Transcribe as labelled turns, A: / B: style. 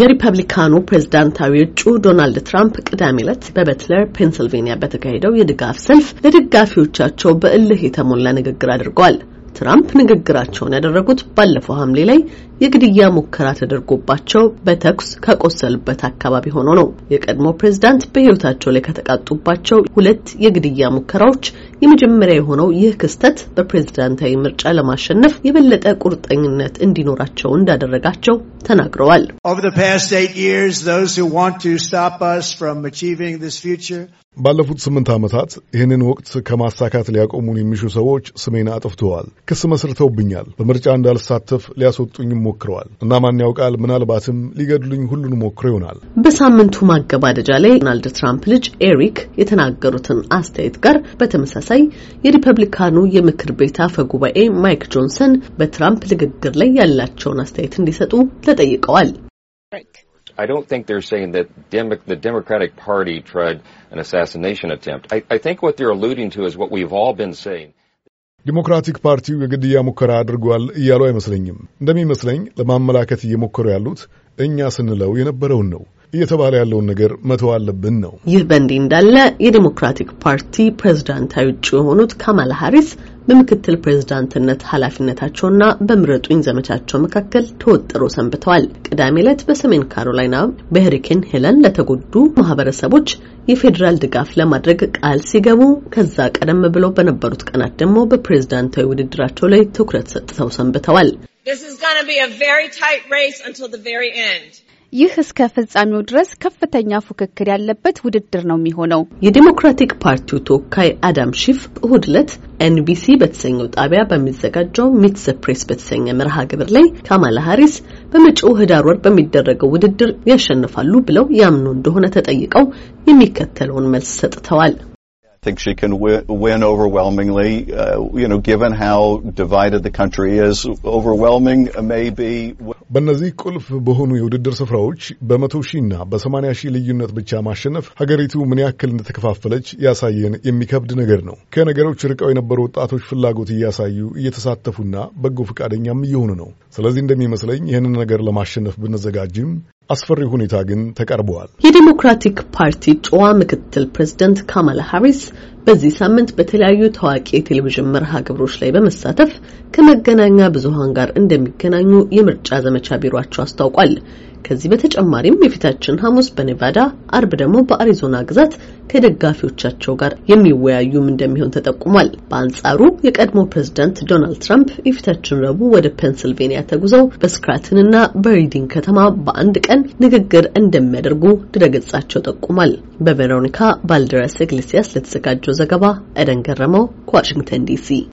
A: የሪፐብሊካኑ ፕሬዝዳንታዊ እጩ ዶናልድ ትራምፕ ቅዳሜ ዕለት በበትለር ፔንስልቬኒያ በተካሄደው የድጋፍ ሰልፍ ለደጋፊዎቻቸው በእልህ የተሞላ ንግግር አድርገዋል። ትራምፕ ንግግራቸውን ያደረጉት ባለፈው ሐምሌ ላይ የግድያ ሙከራ ተደርጎባቸው በተኩስ ከቆሰሉበት አካባቢ ሆኖ ነው። የቀድሞ ፕሬዝዳንት በሕይወታቸው ላይ ከተቃጡባቸው ሁለት የግድያ ሙከራዎች የመጀመሪያ የሆነው ይህ ክስተት በፕሬዝዳንታዊ ምርጫ ለማሸነፍ የበለጠ ቁርጠኝነት እንዲኖራቸው እንዳደረጋቸው ተናግረዋል።
B: ባለፉት ስምንት ዓመታት ይህንን ወቅት ከማሳካት ሊያቆሙን የሚሹ ሰዎች ስሜን አጥፍተዋል። ክስ መስርተውብኛል። በምርጫ እንዳልሳተፍ ሊያስወጡኝም ሞክረዋል እና ማን ያውቃል፣ ምናልባትም
A: ሊገድሉኝ ሁሉን ሞክረው ይሆናል። በሳምንቱ ማገባደጃ ላይ ዶናልድ ትራምፕ ልጅ ኤሪክ የተናገሩትን አስተያየት ጋር በተመሳሳይ የሪፐብሊካኑ የምክር ቤት አፈ ጉባኤ ማይክ ጆንሰን በትራምፕ ንግግር ላይ ያላቸውን አስተያየት እንዲሰጡ ተጠይቀዋል። I don't think they're saying that Demo- the Democratic Party tried an assassination attempt. I, I think what they're alluding to is what we've all been saying.
B: ዲሞክራቲክ ፓርቲው የግድያ ሙከራ አድርጓል እያሉ አይመስለኝም። እንደሚመስለኝ ለማመላከት እየሞከሩ ያሉት እኛ ስንለው የነበረውን ነው። እየተባለ ያለውን
A: ነገር መተው አለብን ነው። ይህ በእንዲህ እንዳለ የዲሞክራቲክ ፓርቲ ፕሬዝዳንታዊ እጩ የሆኑት ካማላ ሀሪስ በምክትል ፕሬዝዳንትነት ኃላፊነታቸውና በምረጡኝ ዘመቻቸው መካከል ተወጥሮ ሰንብተዋል። ቅዳሜ ዕለት በሰሜን ካሮላይና በሄሪኬን ሄለን ለተጎዱ ማህበረሰቦች የፌዴራል ድጋፍ ለማድረግ ቃል ሲገቡ ከዛ ቀደም ብለው በነበሩት ቀናት ደግሞ በፕሬዝዳንታዊ ውድድራቸው ላይ ትኩረት ሰጥተው ሰንብተዋል። ይህ እስከ ፍጻሜው ድረስ ከፍተኛ ፉክክር ያለበት ውድድር ነው የሚሆነው። የዲሞክራቲክ ፓርቲው ተወካይ አዳም ሺፍ እሁድ ዕለት ኤንቢሲ በተሰኘው ጣቢያ በሚዘጋጀው ሚት ዘ ፕሬስ በተሰኘ መርሃ ግብር ላይ ካማላ ሀሪስ በመጪው ህዳር ወር በሚደረገው ውድድር ያሸንፋሉ ብለው ያምኑ እንደሆነ ተጠይቀው የሚከተለውን መልስ ሰጥተዋል።
B: በእነዚህ ቁልፍ በሆኑ የውድድር ስፍራዎች በመቶ ሺህና በሰማንያ ሺህ ልዩነት ብቻ ማሸነፍ ሀገሪቱ ምን ያክል እንደተከፋፈለች ያሳየን የሚከብድ ነገር ነው። ከነገሮች ርቀው የነበሩ ወጣቶች ፍላጎት እያሳዩ እየተሳተፉና በጎ ፈቃደኛም እየሆኑ ነው። ስለዚህ እንደሚመስለኝ ይህንን ነገር ለማሸነፍ ብንዘጋጅም
A: አስፈሪ ሁኔታ ግን ተቀርበዋል። የዲሞክራቲክ ፓርቲ ጨዋ ምክትል ፕሬዚደንት ካማላ ሃሪስ በዚህ ሳምንት በተለያዩ ታዋቂ የቴሌቪዥን መርሃ ግብሮች ላይ በመሳተፍ ከመገናኛ ብዙሃን ጋር እንደሚገናኙ የምርጫ ዘመቻ ቢሯቸው አስታውቋል። ከዚህ በተጨማሪም የፊታችን ሐሙስ በኔቫዳ፣ አርብ ደግሞ በአሪዞና ግዛት ከደጋፊዎቻቸው ጋር የሚወያዩም እንደሚሆን ተጠቁሟል። በአንጻሩ የቀድሞ ፕሬዝዳንት ዶናልድ ትራምፕ የፊታችን ረቡዕ ወደ ፔንስልቬንያ ተጉዘው በስክራትንና በሪዲንግ ከተማ በአንድ ቀን ንግግር እንደሚያደርጉ ድረገጻቸው ጠቁሟል። በቬሮኒካ ባልደረስ ኢግሌሲያስ ለተዘጋጀው ዘገባ ኤደን ገረመው ከዋሽንግተን ዲሲ